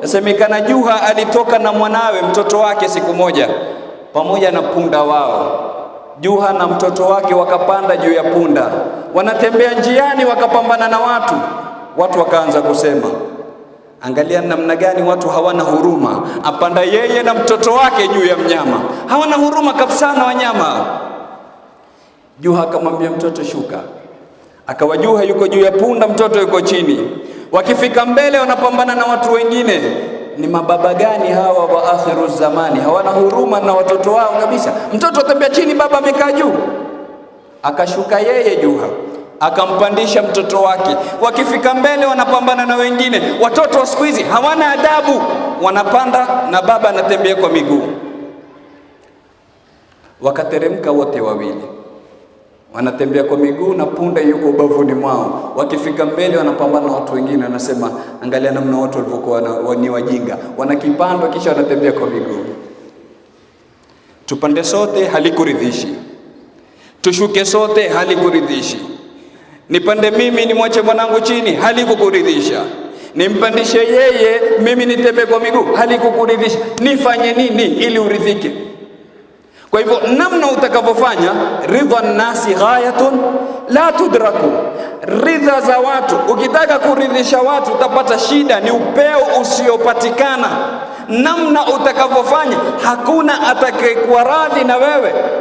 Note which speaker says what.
Speaker 1: Nasemekana Juha alitoka na mwanawe mtoto wake siku moja pamoja na punda wao. Juha na mtoto wake wakapanda juu ya punda, wanatembea njiani, wakapambana na watu. Watu wakaanza kusema, angalia namna gani watu hawana huruma, apanda yeye na mtoto wake juu ya mnyama. Hawana huruma kabisa na wanyama. Juha akamwambia mtoto, shuka. Akawa Juha yuko juu ya punda, mtoto yuko chini wakifika mbele wanapambana na watu wengine. Ni mababa gani hawa wa akhiru zamani? Hawana huruma na watoto wao kabisa. Mtoto atembea chini, baba amekaa juu, akashuka yeye juu hapo akampandisha mtoto wake. Wakifika mbele wanapambana na wengine. Watoto wa siku hizi hawana adabu, wanapanda na baba anatembea kwa miguu. Wakateremka wote wawili wanatembea kwa miguu na punda yuko ubavuni mwao. Wakifika mbele, wanapambana na watu wengine, wanasema angalia namna watu walivyokuwa ni wajinga, wanakipandwa kisha wanatembea kwa miguu. Tupande sote halikuridhishi, tushuke sote halikuridhishi. Nipande mimi nimwache mwanangu chini, halikukuridhisha. Nimpandishe yeye, mimi nitembee kwa miguu, halikukuridhisha. Nifanye nini ili uridhike? Kwa hivyo namna utakavyofanya, ridha nasi ghayatun la tudraku, ridha za watu. Ukitaka kuridhisha watu utapata shida, ni upeo usiopatikana. Namna utakavyofanya, hakuna atakayekuwa radhi na wewe.